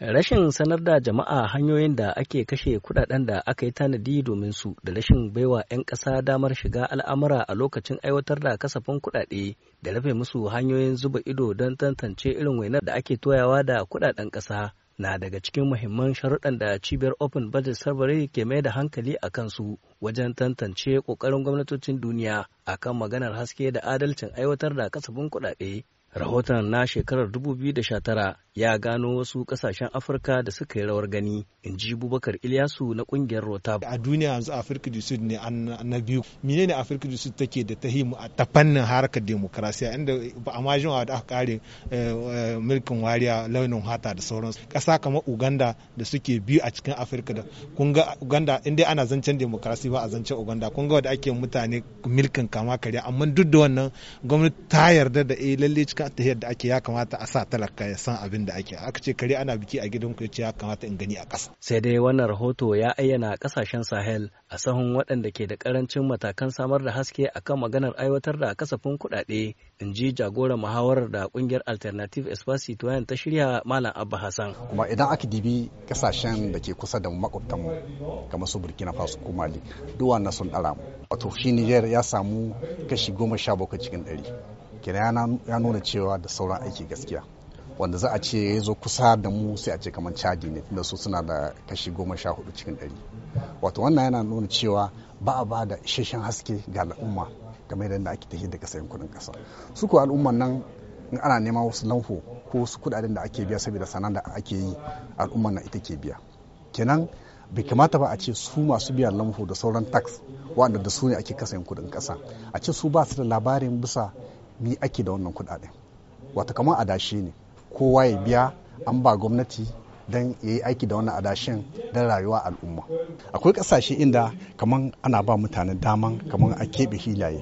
Rashin sanar da jama'a hanyoyin da ake kashe kudaden da aka yi tanadi domin su da rashin baiwa 'yan ƙasa damar shiga al'amura a lokacin aiwatar da kasafin kudade da rufe musu hanyoyin zuba ido don tantance irin wainar da ake toyawa da kudaden ƙasa na daga cikin muhimman sharuɗan da cibiyar open budget survey ke mai da hankali a kansu wajen tantance ƙoƙarin gwamnatocin duniya akan maganar haske da adalcin aiwatar da kasafin kuɗaɗe Rahoton na shekarar 2019 ya gano wasu kasashen Afirka da suka yi rawar gani, in ji Bubakar Ilyasu na kungiyar Rotab. A duniya yanzu Afirka du Sud ne na biyu. Mine ne Afirka du Sud take da ta himu ta fannin harkar demokrasiya inda ba a majin da aka kare eh, eh, mulkin wariya launin hata da sauransu. kasa kamar Uganda da suke biyu a cikin Afirka da kun Uganda inda ana zancen demokrasi ba a zancen Uganda kun ga wanda ake mutane milkin kama kare amma duk da wannan gwamnati ta yarda da eh lalle cikin ta yadda ake ya kamata a sa talaka ya san abin da ake aka ce kare ana biki a gidan ku ya ce ya kamata in gani a ƙasa sai dai wannan rahoto ya ayyana kasashen sahel a sahun waɗanda ke da karancin matakan samar da haske akan maganar aiwatar da kasafin kuɗaɗe in ji jagoran muhawarar da kungiyar alternative espace citoyen ta shirya malam abba hassan kuma idan aka dibi kasashen da ke kusa da mu kamar su burkina faso ko mali duk wannan sun ɗara wato shi niger ya samu kashi goma sha bakwai cikin ɗari kenan ya nuna cewa da sauran aiki gaskiya wanda za a ce ya zo kusa da mu sai a ce kamar chadi ne da su suna da kashi goma sha hudu cikin ɗari wato wannan yana nuna cewa ba a ba da isasshen haske ga al'umma game da yadda ake tafi da kasayin kuɗin ƙasa su ko al'umman nan in ana neman wasu lanho ko su kuɗaɗen da ake biya saboda sanan da ake yi al'umman nan ita ke biya kenan bai kamata ba a ce su masu biyan lamho da sauran tax wanda da su ne ake kasayin kuɗin kasa a ce su ba su da labarin bisa Ni ake da wannan kudaden wata kamar adashi ne kowa ya biya an ba gwamnati don ya yi aiki da wannan adashin don rayuwa al'umma akwai kasashe inda kamar ana ba mutane daman kamar a keɓe hilaye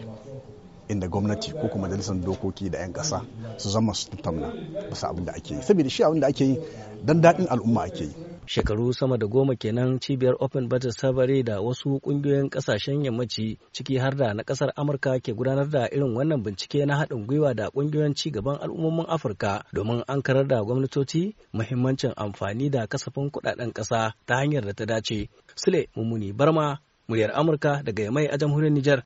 inda gwamnati ko kuma majalisar dokoki da 'yan kasa su zama su tattauna bisa abin da ake yi saboda shi abin da ake yi don daɗin al'umma ake yi shekaru sama da goma kenan cibiyar open budget sabare da wasu kungiyoyin kasashen yammaci ciki har da na kasar amurka ke gudanar da irin wannan bincike na haɗin gwiwa da kungiyoyin ci gaban al'ummomin afirka domin an karar da gwamnatoci muhimmancin amfani da kasafin kuɗaɗen ƙasa ta hanyar da ta dace sule mummuni barma muryar amurka daga yamai a jamhuriyar niger